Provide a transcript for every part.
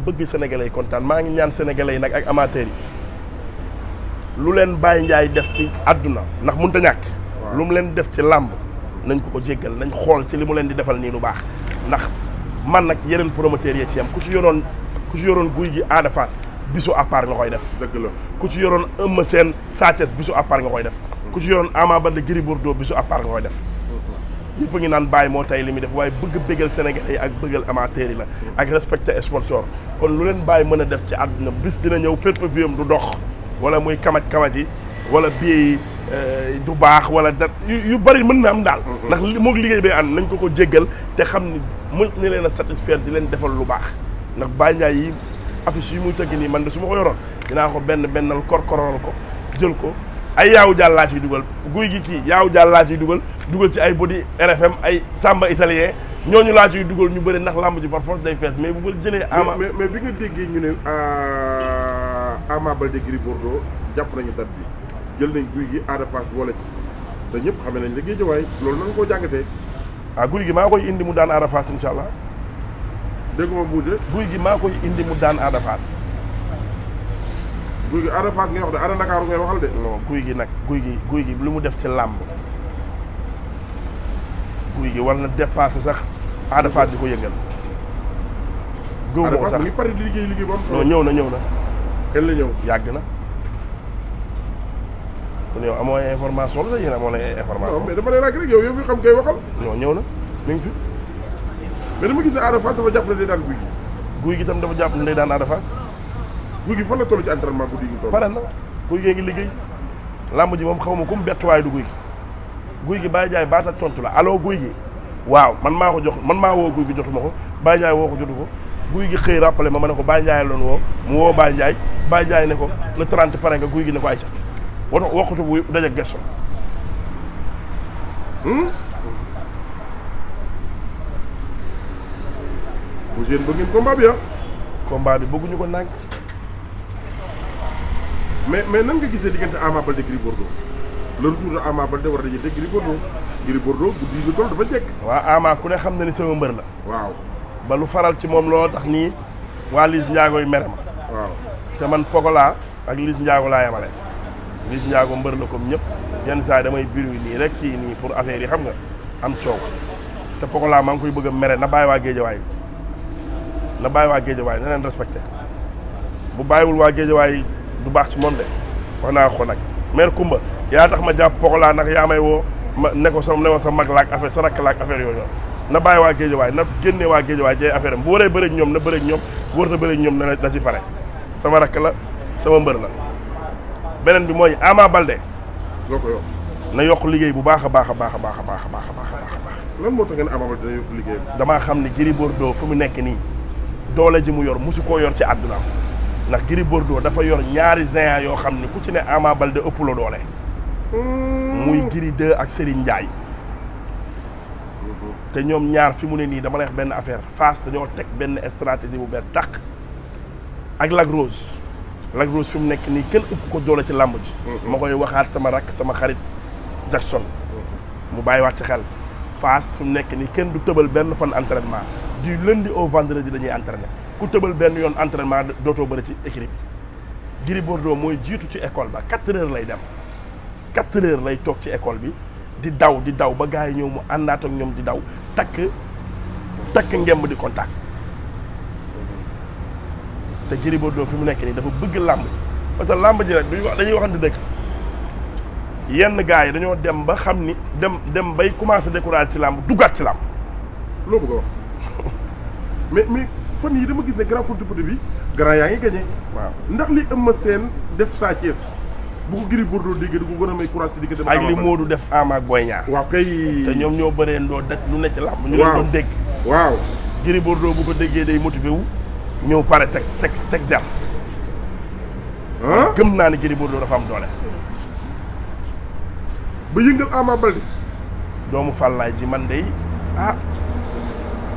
bëgg sénégalais yi kontaan maa ngi ñaan sénégalais yi nag ak amateurs yi lu leen Baye Ndiaye def ci àdduna ndax mënut a lu mu leen def ci làmb nañ ko ko jéggal nañ xool ci li mu leen di defal nii lu baax ndax man nag yeneen promoteurs yee ci am ku ci yoroon ku ci yoroon guy gi Ada Fass bisu à part nga koy def. dëgg la ku ci yoroon Eumeu Sène Sa Thiès bisu à part nga koy def. ku ci yoroon Ama Baldé Gris Bordeaux bisu à part nga koy def. ñëpp ngi naan baay moo tey li muy def waaye bëgg bëggal Sénégalais yi ak bëggal amateurs yi la ak respecté sponsor kon lu leen bàyyi mën a def ci àdduna bis dina ñëw pay-per-view du dox wala muy kamaj kamaj yi wala billet yi euh, du baax wala da yu bëri mën na am daal mm-hmm. ndax moog liggéey bay ànd nañ ko ko jéggal te xam ni mën ni leen a satisfaire di leen defal lu baax ndax Baye Ndiaye yi affiche yi muy tëgg nii man de su ma ko yoroon dinaa ko benn bennal korkororal ko jël ko ay yaawu jàll laa ciy dugal guy gi kii yaawu jàll laa ciy dugal dugal ci ay bodi RFM ay samba italien ñooñu laa ciy dugal ñu bëri ndax làmb ji par force day fees mais bu ma jëlee. ama mais bi nga déggee ñu ne euh, Ama Baldé Gris Bordeaux jàpp nañu date bi jël nañ guy gi Ada Fass boole ci te ñëpp xam nañ la géejawaay loolu na nga koo jàngatee. ah guy gi maa koy indi mu daan Ada Fass allah. dégg nga ma guy gi maa koy indi mu daan Ada guy gi Ada Fass ngay de Ada Ndakaaru ngay de. non gi nag guy guy gi lu mu def ci làmb gi war na dépassé sax Ada Fass di ko yëngal. góob moo na ñëw na. yàgg na. kon la yéen amoo na information. non mais dama ngi fi. mais gi. tam dafa jàpp ne guy gi fan la toll ci entraînement guddi gi toll. pare na guy gee ngi liggéey làmb ji moom xaw ma ku mu bettuwaay du guy gi guy gi Baye Ndiaye baat tontu la allo guy gi waaw man maa ko jox man maa woo guy gi jotuma ko Baye Ndiaye woo ko jotu ko guy gi xëy rappelé ma ma ne ko Baye Ndiaye loon woo mu woo Baye Ndiaye Baye Ndiaye ne ko le 30 pare nga guy gi ne ko ay ca wala waxtu bu dajeeg gëstu. Hmm? bu jeune bëgg ngeen combat bëgguñu ko nànk. mais mais nan nga gisee diggante Ama Baldé de Ama Baldé war a dajante Gris Bordeaux Gris Bordeaux guddi bi dafa jekk waaw Ama ku ne xam na ni sama mbër la waaw ba lu faral ci moom loo tax nii waa Liis Njaago yu mere ma waaw te man Pogola ak Liis Njaago laa yemale Liis Njaago mbër la comme ñëpp yenn saa yi damay biru nii rek ci nii pour affaire yi xam nga am coow te Pogola maa ngi koy bëgg mere na bàyyi waa Géejawaay na bàyyi waa Géejawaay na leen respecté bu bàyyiwul waa Géejawaay du baax ci moom de wax naa ko nag mère Kumba yaa tax ma jàpp Pokola nag yaa may woo ma ne ko sa ne woon sa mag laak affaire sa rakk laak affaire yooyu na bàyyi waa géejawaay na génne waa géejawaay ci affaire am bu waree bëreeg ñoom na bëreeg ñoom bu warta bëreeg ñoom na na ci pare sama rakk la sama mbër la beneen bi mooy Ama Balde yokk na yokk liggéey bu baax a baax a baax a baax a baax a baax a baax a baax lan moo tax ngeen Ama Balde damaa xam ne Gris Bordeaux fu mu nekk nii doole ji mu yor mosu koo yor ci àddunaam ndax Gris Bordeaux dafa yor ñaari géants yoo xam ni ku ci ne Ama Baldé ëpp la doole. Hmm. muy Gris 2 ak Serigne Ndiaye. Mm-hmm. te ñoom ñaar fi mu ne nii dama lay benn affaire Fass dañoo teg benn stratégie bu bees tàq. ak lagros Rose. fi mu nekk nii kenn ëpp ko doole ci làmb ji. Mm-hmm. ma koy waxaat sama rakk sama xarit Jackson. Mm-hmm. mu bàyyiwaat ci xel. Fass fi mu nekk nii kenn du tëbal benn fan entraînement du lundi au vendredi dañuy entraîner. ku tëbal benn yoon entraînement dootoo bëri ci équipe bi Gris Bordeaux mooy jiitu ci école ba quatre heures lay dem quatre heures lay toog ci école bi di daw di daw ba gars yi ñëw mu àndaat ak ñoom di daw takk takk ngemb di contact te Gris doo fi mu nekk nii dafa bëgg làmb ji parce que làmb ji rek duñu wax dañuy waxante dëkk yenn gars yi dañoo dem ba xam ni dem dem bay commencé découragé ci làmb duggaat ci làmb loo bëgg fan yi dama gis ne grand contre-poutre bi grand yaa ngi gagné. waaw ndax li Eumeu Sène def Sa Thiès bu ko Gris Bordeaux déggee du ko gën a may courage ci diggante ak li Modou def Ama ak Boy Niang waaw kay te ñoom ñoo bëree ndoo daj lu ne ci làmb ñu leen doon dégg waaw Gris Bordeaux bu ko déggee day motivé wu ñëw pare teg teg teg der gëm naa ne Gris Bordeaux dafa am doole ba yëngal Ama Baldé doomu Fallaay ji man day ah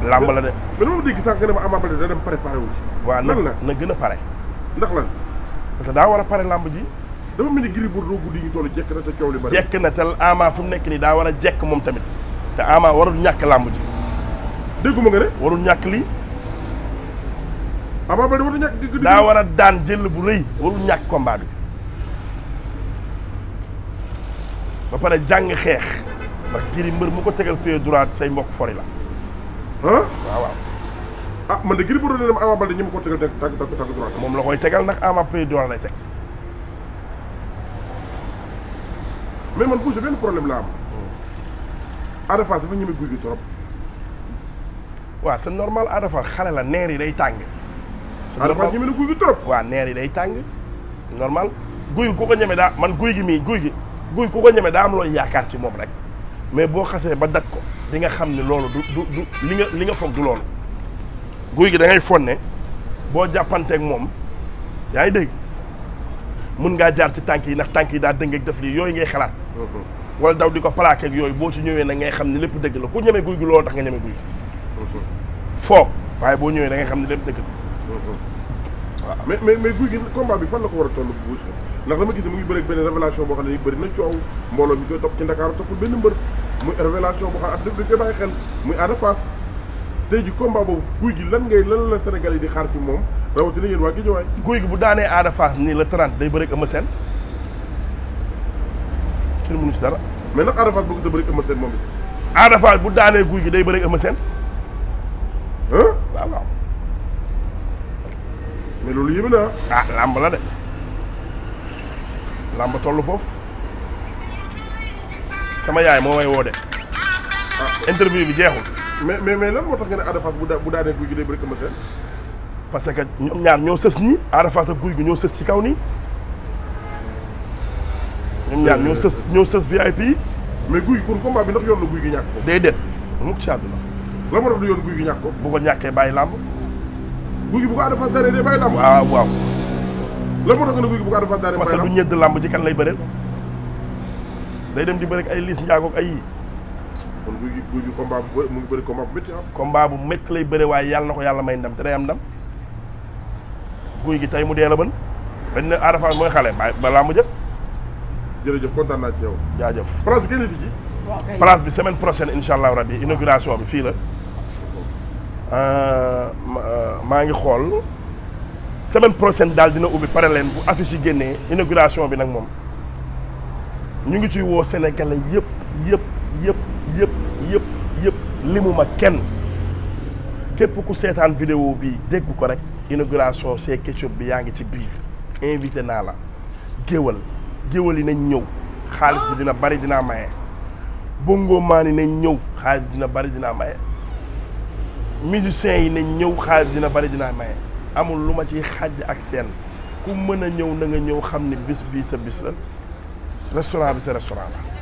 làmb la de. mais dama dégg sax nga ne ma Ama Baldé wu ci. waaw na na gën a pare. ndax lan. parce que daa war a pare làmb ji. dafa mel ni Gris Bordeaux guddi gi toll jekk na te coow li bari. jekk na fu nekk nii daa war a jekk moom tamit te Ama warul ñàkk làmb ji. dégguma nga ne. warul ñàkk li Ama Baldé warul ñàkk daa war a daan jël bu rëy warul ñàkk combat bi. ba pare jàng xeex ndax Gris mbër mu ko tegal pied droit say mbokk fori la. ah waaw waaw ah man de Gris Bordeaux ne dem Ama Baldé ñi ko tegal teg tànk tànk tànk droite moom la koy tegal ndax Ama pay doole lay teg mais man bouse benn problème la am hmm. Ada Fass dafa ñeme guy gi trop waaw c'est normal Ada Fass xale la neer yi day tàng sa Fass ñeme na guy neer yi day tàng normal guy gi ku ko ñeme daa man guy gi mii guy gi guy ku ko ñeme daa am looy yaakaar ci moom rek mais boo xasee ba dag ko di nga xam ne du du du li nga li nga foog du loolu guy gi da ngay fonne bo jàppanteeg moom mom ngi dégg mun ngaa jaar ci tanki yi tanki da yi ak def lii yooyu ngay xalaat mhm. wala daw di ko plaqué ak yooyu boo ci ñëwee nag ngay xam ne lépp dëgg la ku ñeme guy gi loolu tax nga ñeme guy gi mhm. foog waaye boo ñëwee da ngay xam ne lépp dëgg la mhm. waaw mais mais mais guy gi combat bi fan la ko war a toll bu ndax dama gis ne mu ngi bëri benn révélation boo xam ne ni bëri na coow mbooloo mi koy top ci Ndakaaru top benn mbër muy révélation boo xam at dëgg dañ koy bàyyi xel muy Ada tey ji combat boobu guy gi lan ngay lan la Sénégal yi di xaar ci moom rawatina yéen waa Guédiawaye guy gi bu daanee Ada ni la 30 day bëreeg Eumeu Sène kenn mënu ci dara mais nag Ada bu daanee guy gi day bëreeg Eumeu Sène waaw waaw mais loolu yëpp na ah làmb la de làmb toll foofu sama yaay moo may woo de. Ah. interview bi jeexul. mais mais mais lan motax tax nga ne Ada Fass bu daa bu daanee guy gi day bëri Eumeu Sène. parce que ñom ñaar ño sës ni Ada Fass ak guy gi ño sës ci kaw ni ñom ñaar ño sës ño sës VIP. mais guuy kon combat bi ndax yoon na guy gi ñak ko. day déet mukk ci àdduna. la moo tax du yoon guuy gi ñak ko. bu ko ñaké bay lamb guuy gi bu ko Ada Fass daanee day bay lamb waaw waaw. la mo tax nga guuy gi bu ko Ada Fass daanee bàyyi làmb. parce que lu ñedd lamb ji kan lay beurel day dem di bëri ay liis njaago ak ay yii. mu ngi bëri ah. combat bu métti lay bëri waaye yàlla na ko yàlla may ndam te day am ndam guy gi tey mu dee la bën dañ ne Ada mooy xale ba balaa mu jël. jërëjëf kontaan naa ci yow. jaajëf place bi kenn la tijji. allah place yi semaine prochaine inauguration bi fii la. Euh, euh, maa ngi xool semaine prochaine daal dina ubbi pare leen bu affiche yi génnee inauguration bi nag moom. ñu ngi ci woo sénégalais yëpp yëpp yëpp yëpp yëpp yëpp limuma kenn képp ku seetaan vidéo bi dégg ko rek inauguration c'est ketchup bi yaa ngi ci biir invité naa la géwal géwal yi nañ ñëw xaalis bi dina bari dinaa maye bongo maan yi nañ ñëw xaalis bi dina bari dinaa maye musiciens yi nañ ñëw xaalis dina bari dinaa maye amul lu ma ciy xàjj ak seen ku mën a ñëw na nga ñëw xam ni bis bii sa bis la رستوران بس رستوران